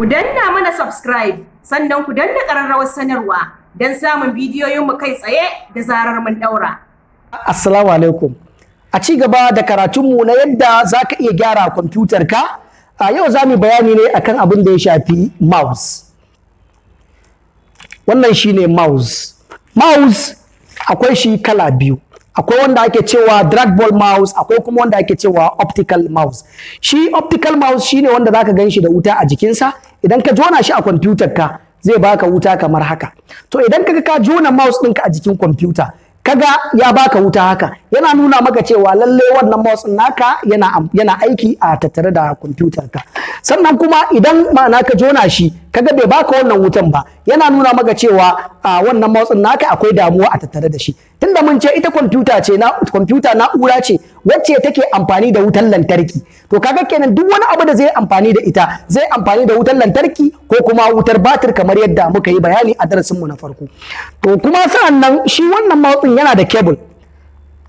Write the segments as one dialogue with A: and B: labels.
A: Ku danna mana subscribe sannan ku danna ƙararrawar sanarwa don samun bidiyoyinmu kai tsaye da zarar mun ɗaura. Assalamu alaikum. A ci gaba da karatunmu na yadda za ka iya gyara kwamfutar ka, a yau za mu bayani ne akan abin da ya shafi mouse. Wannan shi ne mouse. Mouse akwai shi kala biyu. akwai wanda ake cewa drag ball mouse akwai kuma wanda ake cewa optical mouse shi optical mouse ne wanda zaka gan shi da wuta a jikinsa idan ka jona shi a kwamfutar ka zai baka wuta kamar haka to idan kaga ka jona mouse ɗinka a jikin kwamfuta kaga ya baka wuta haka yana nuna maka cewa lalle wannan mouse naka yana yana aiki a tattare da kwamfutar ka sannan kuma idan ma'ana ka jona shi kaga bai baka wannan wutan ba yana nuna maka cewa a wannan motsin naka akwai damuwa a tattare da shi tunda mun ce ita kwamfuta ce na kwamfuta na'ura ce wacce take amfani da wutan lantarki to kaga kenan duk wani abu da zai amfani da ita zai amfani da wutan lantarki ko kuma wutar batir kamar yadda muka yi bayani a darasin mu na farko to kuma sa'an nan shi wannan motsin yana da cable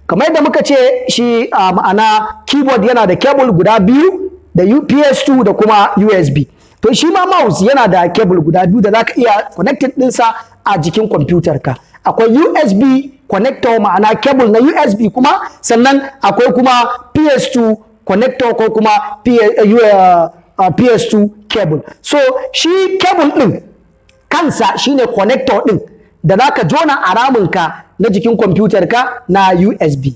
A: kamar yadda muka ce shi ma'ana keyboard yana da cable guda biyu da UPS2 da kuma USB to shi ma mouse yana da kebul guda biyu da zaka iya connected dinsa a jikin computer ka akwai USB connector ma'ana cable na USB kuma sannan akwai kuma PS2 connector ko kuma PS2 uh, uh, uh, cable so shi cable ɗin kansa shine connector ɗin da ka jona a ka na jikin kwamfutar ka na USB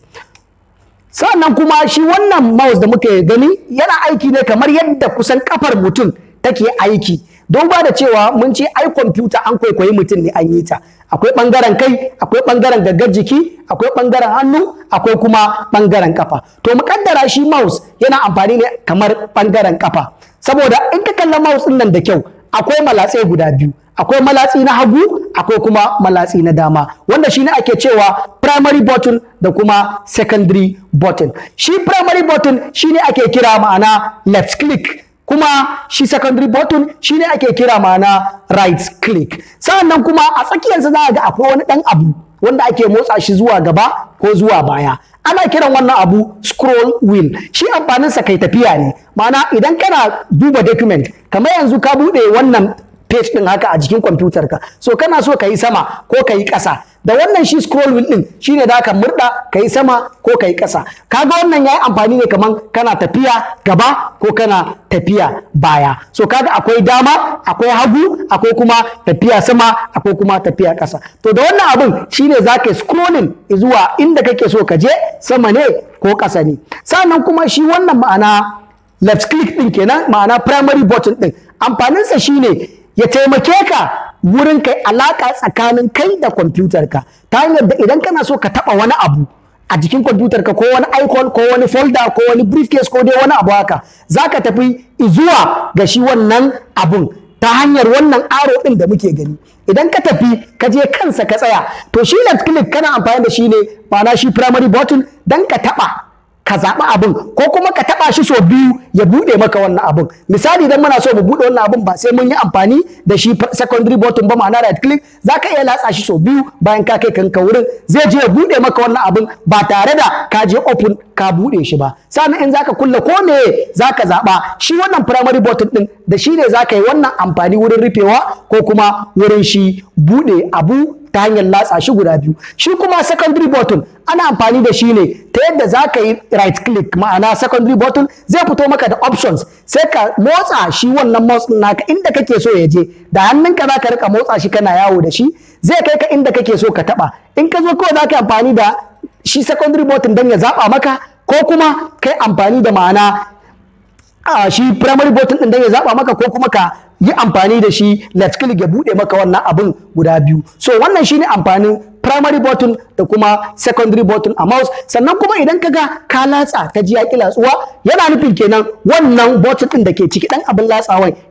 A: sannan kuma shi wannan mouse da muke gani yana aiki ne kamar yadda kusan kafar mutum take aiki duba da cewa mun ce ai kwamfuta an kwaikwayi mutum ne an yi ta akwai ɓangaren kai akwai bangaren gaggar jiki akwai ɓangaren hannu akwai kuma ɓangaren kafa to muƙaddara shi mouse yana amfani ne kamar bangaren kafa saboda in ka kalla mouse din nan da kyau akwai malatsai guda biyu akwai malatsi na hagu akwai kuma malatsi na dama wanda shine ake cewa primary button da kuma secondary button shi primary button shine ake kira ma'ana left click kuma shi secondary button ne ake kira mana right click sannan kuma a tsakiyarsa za a ga akwai wani dan abu wanda ake motsa shi zuwa gaba ko zuwa baya ana kiran wannan abu scroll wheel shi amfaninsa kai tafiya ne ma'ana idan kana duba document kamar yanzu ka buɗe wannan page ɗin haka a jikin kwamfutarka so kana so ka yi sama ko ka yi ƙasa da wannan shi scroll wheel din shine da ka murda kai sama ko kai ƙasa kaga wannan ya yi amfani ne kaman kana tafiya gaba ko kana tafiya baya so kaga akwai dama akwai hagu akwai kuma tafiya sama akwai kuma tafiya ƙasa to da wannan abin shine ka scrolling zuwa inda kake so ka je sama ne ko ƙasa ne sannan kuma shi wannan ma'ana left click din kenan ma'ana primary button din amfaninsa shine ya taimake ka wurin kai alaka tsakanin kai da kwamfutar ka ta hanyar da idan kana so ka taba wani abu a jikin kwamfutar ka ko wani icon ko wani folder ko wani briefcase ko dai wani abu haka ka tafi izuwa ga shi wannan abun ta hanyar wannan aro din da muke gani idan ka tafi ka je kansa ka tsaya to shi left click kana amfani da shi ne ma'ana shi primary button dan ka taba ka zaɓi abin ko kuma ka taɓa shi so biyu ya buɗe maka wannan abin misali idan muna so mu buɗe wannan abin ba sai mun yi amfani da shi secondary button ba ma'ana right click za ka iya latsa shi so biyu bayan ka kai kanka wurin zai je ya buɗe maka wannan abin ba tare da ka je open ka buɗe shi ba sannan in zaka kulle ko me zaka zaɓa shi wannan primary button ɗin da shi ne za ka yi wannan amfani wurin rufewa ko kuma wurin shi buɗe abu ta hanyar latsa shi guda biyu shi kuma secondary button ana amfani da shi ne ta yadda za ka yi right click ma'ana secondary button zai fito maka da options sai ka motsa shi wannan motsin naka inda kake so ya je da hannunka za ka rika motsa shi kana yawo da shi zai kai ka inda kake so ka taba in ka zo kawai za ka yi amfani da shi secondary button don ya zaba maka ko kuma kai amfani da ma'ana a shi primary bottle din da ya zaba maka ko kuma ka yi amfani da shi left click ya bude maka wannan abin guda biyu so wannan shine amfanin primary button da kuma secondary button a mouse sannan kuma idan kaga ka latsa ka ji ya ki latsuwa yana nufin kenan wannan button din da ke ciki dan abin ya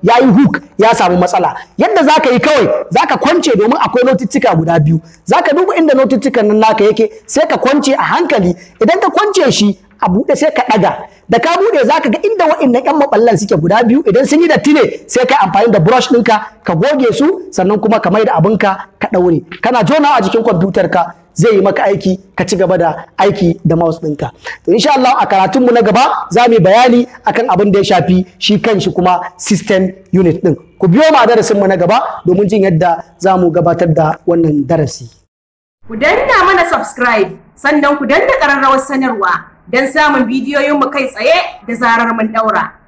A: yayi hook ya samu matsala yadda zaka yi kawai zaka kwance domin akwai notitika guda biyu zaka duba inda notittikan nan naka yake sai ka kwance a hankali idan ka kwance shi a buɗe sai ka ɗaga da ka buɗe za ka ga inda wa'innan ƴan maballan suke guda biyu idan sun yi datti ne sai ka amfani da brush ɗinka ka goge su sannan kuma ka maida abinka ka ɗaure kana jona a jikin kwamfutar ka zai yi maka aiki ka ci gaba da aiki da mouse ɗinka to insha Allah a karatunmu na gaba za mu yi bayani akan abin da ya shafi shi kanshi kuma system unit ɗin ku biyo mu a darasinmu na gaba domin jin yadda za mu gabatar da wannan darasi ku danna mana subscribe sannan ku danna ƙararrawar sanarwa don samun bidiyoyinmu kai tsaye da zarar mun daura.